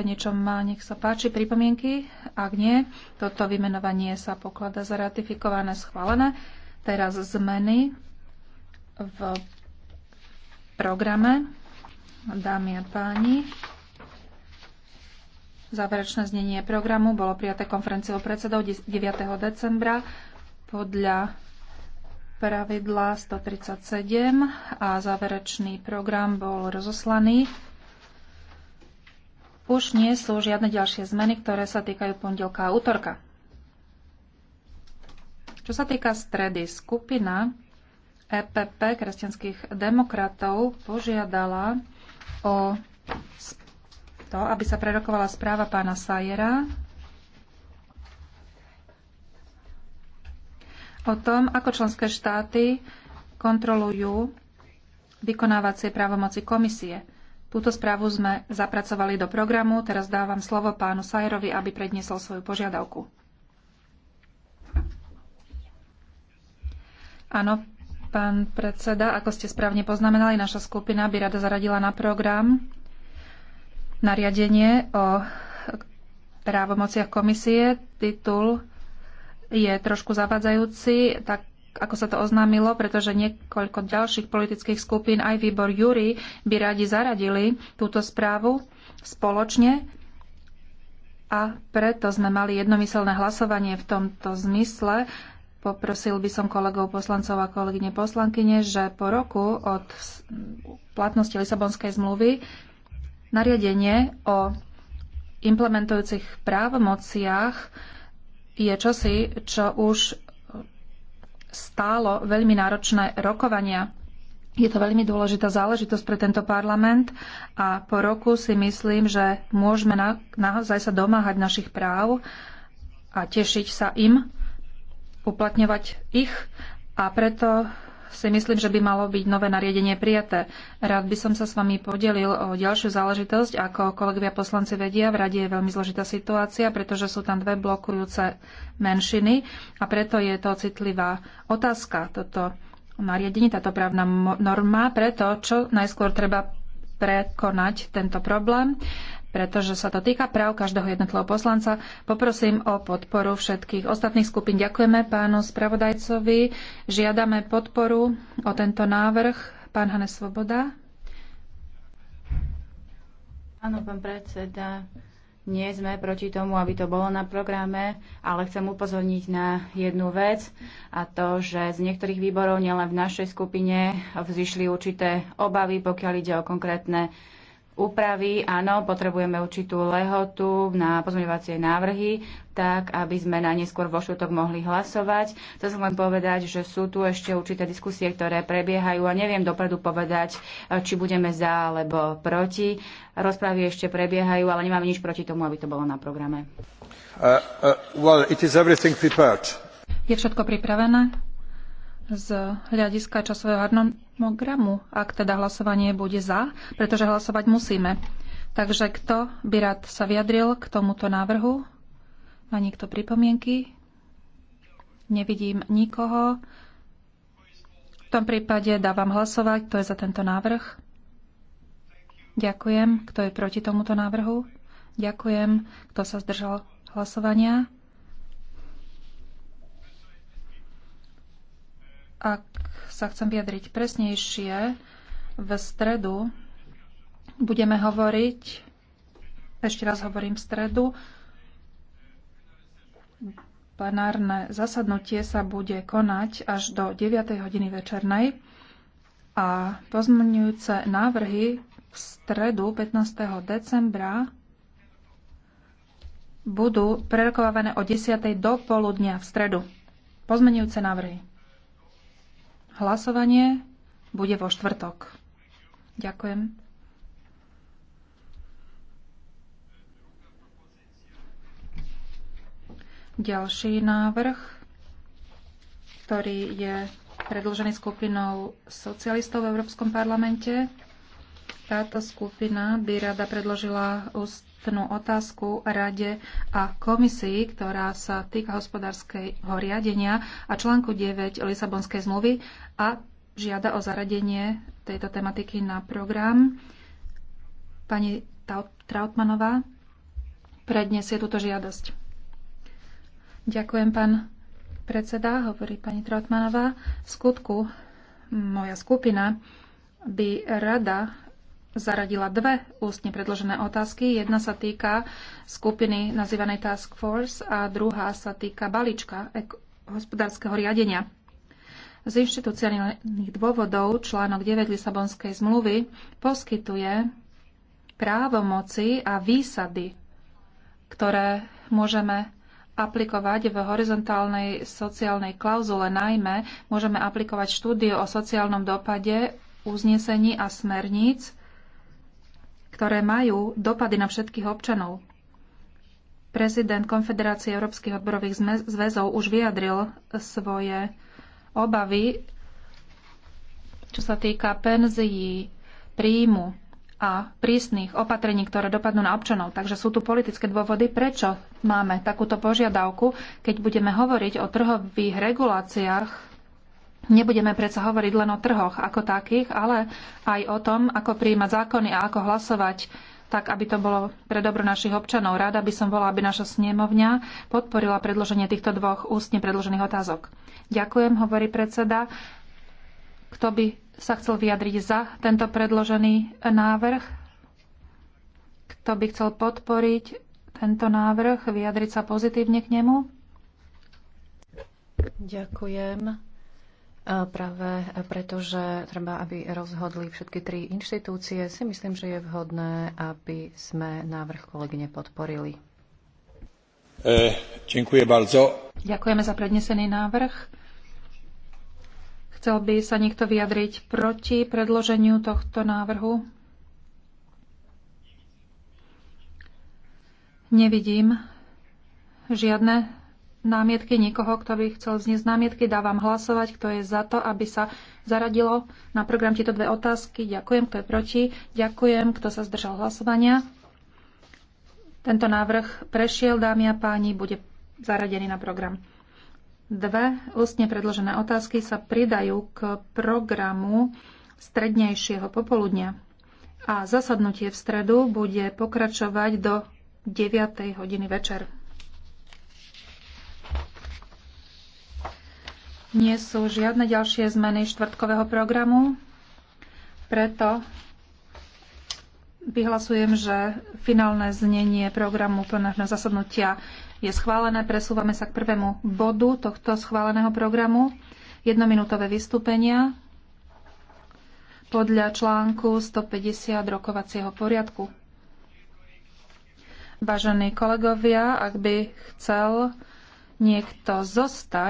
niečo má, nech sa páči, pripomienky. Ak nie, toto vymenovanie sa poklada za ratifikované, schválené. Teraz zmeny v programe. Dámy a páni, záverečné znenie programu bolo prijaté konferenciou predsedov 9. decembra podľa pravidla 137 a záverečný program bol rozoslaný už nie sú žiadne ďalšie zmeny, ktoré sa týkajú pondelka a útorka. Čo sa týka stredy, skupina EPP kresťanských demokratov požiadala o to, aby sa prerokovala správa pána Sajera o tom, ako členské štáty kontrolujú vykonávacie právomoci komisie. Túto správu sme zapracovali do programu. Teraz dávam slovo pánu Sajerovi, aby predniesol svoju požiadavku. Áno, pán predseda, ako ste správne poznamenali, naša skupina by rada zaradila na program nariadenie o právomociach komisie. Titul je trošku zavadzajúci, tak ako sa to oznámilo, pretože niekoľko ďalších politických skupín, aj výbor Jury, by radi zaradili túto správu spoločne a preto sme mali jednomyselné hlasovanie v tomto zmysle. Poprosil by som kolegov poslancov a kolegyne poslankyne, že po roku od platnosti Lisabonskej zmluvy nariadenie o implementujúcich právomociach je čosi, čo už stálo veľmi náročné rokovania. Je to veľmi dôležitá záležitosť pre tento parlament a po roku si myslím, že môžeme na, naozaj sa domáhať našich práv a tešiť sa im, uplatňovať ich a preto si myslím, že by malo byť nové nariadenie prijaté. Rád by som sa s vami podelil o ďalšiu záležitosť. Ako kolegovia poslanci vedia, v rade je veľmi zložitá situácia, pretože sú tam dve blokujúce menšiny a preto je to citlivá otázka, toto nariadenie, táto právna norma. Preto čo najskôr treba prekonať tento problém pretože sa to týka práv každého jednotlivého poslanca. Poprosím o podporu všetkých ostatných skupín. Ďakujeme pánu spravodajcovi. Žiadame podporu o tento návrh. Pán Hane Svoboda. Áno, pán predseda. Nie sme proti tomu, aby to bolo na programe, ale chcem upozorniť na jednu vec a to, že z niektorých výborov, nielen v našej skupine, vzýšli určité obavy, pokiaľ ide o konkrétne úpravy, áno, potrebujeme určitú lehotu na pozmeňovacie návrhy, tak aby sme na neskôr vo štvrtok mohli hlasovať. Chcem sa len povedať, že sú tu ešte určité diskusie, ktoré prebiehajú a neviem dopredu povedať, eh, či budeme za alebo proti. Rozpravy ešte prebiehajú, ale nemám nič proti tomu, aby to bolo na programe. Uh, uh, well, it is everything prepared. Je všetko pripravené z hľadiska časového harmonogramu? harmonogramu, ak teda hlasovanie bude za, pretože hlasovať musíme. Takže kto by rád sa vyjadril k tomuto návrhu? Má niekto pripomienky? Nevidím nikoho. V tom prípade dávam hlasovať. Kto je za tento návrh? Ďakujem. Kto je proti tomuto návrhu? Ďakujem. Kto sa zdržal hlasovania? Ak sa chcem vyjadriť presnejšie. V stredu budeme hovoriť, ešte raz hovorím v stredu, plenárne zasadnutie sa bude konať až do 9. hodiny večernej a pozmenujúce návrhy v stredu 15. decembra budú prerokovávané o 10. do poludnia v stredu. Pozmeňujúce návrhy. Hlasovanie bude vo štvrtok. Ďakujem. Ďalší návrh, ktorý je predložený skupinou socialistov v Európskom parlamente. Táto skupina by rada predložila ústnu otázku Rade a komisii, ktorá sa týka hospodárskeho riadenia a článku 9 Lisabonskej zmluvy a žiada o zaradenie tejto tematiky na program. Pani Trautmanová predniesie túto žiadosť. Ďakujem, pán predseda, hovorí pani Trautmanová. V skutku moja skupina by rada zaradila dve ústne predložené otázky. Jedna sa týka skupiny nazývanej Task Force a druhá sa týka balíčka hospodárskeho riadenia. Z inštitucionálnych dôvodov článok 9 Lisabonskej zmluvy poskytuje právomoci a výsady, ktoré môžeme aplikovať v horizontálnej sociálnej klauzule. Najmä môžeme aplikovať štúdiu o sociálnom dopade uznesení a smerníc ktoré majú dopady na všetkých občanov. Prezident Konfederácie Európskych odborových zväzov už vyjadril svoje obavy, čo sa týka penzií, príjmu a prísnych opatrení, ktoré dopadnú na občanov. Takže sú tu politické dôvody, prečo máme takúto požiadavku, keď budeme hovoriť o trhových reguláciách Nebudeme predsa hovoriť len o trhoch ako takých, ale aj o tom, ako prijímať zákony a ako hlasovať tak, aby to bolo pre dobro našich občanov. Rada by som bola, aby naša snemovňa podporila predloženie týchto dvoch ústne predložených otázok. Ďakujem, hovorí predseda. Kto by sa chcel vyjadriť za tento predložený návrh? Kto by chcel podporiť tento návrh, vyjadriť sa pozitívne k nemu? Ďakujem. Práve preto, že treba, aby rozhodli všetky tri inštitúcie, si myslím, že je vhodné, aby sme návrh kolegyne podporili. ďakujem e, bardzo. Ďakujeme za prednesený návrh. Chcel by sa niekto vyjadriť proti predloženiu tohto návrhu? Nevidím žiadne námietky, nikoho, kto by chcel vzniesť námietky, dávam hlasovať, kto je za to, aby sa zaradilo na program tieto dve otázky. Ďakujem, kto je proti. Ďakujem, kto sa zdržal hlasovania. Tento návrh prešiel, dámy a páni, bude zaradený na program. Dve ústne predložené otázky sa pridajú k programu strednejšieho popoludnia. A zasadnutie v stredu bude pokračovať do 9. hodiny večer. Nie sú žiadne ďalšie zmeny štvrtkového programu, preto vyhlasujem, že finálne znenie programu plného zasadnutia je schválené. Presúvame sa k prvému bodu tohto schváleného programu. Jednominútové vystúpenia podľa článku 150 rokovacieho poriadku. Vážení kolegovia, ak by chcel niekto zostať,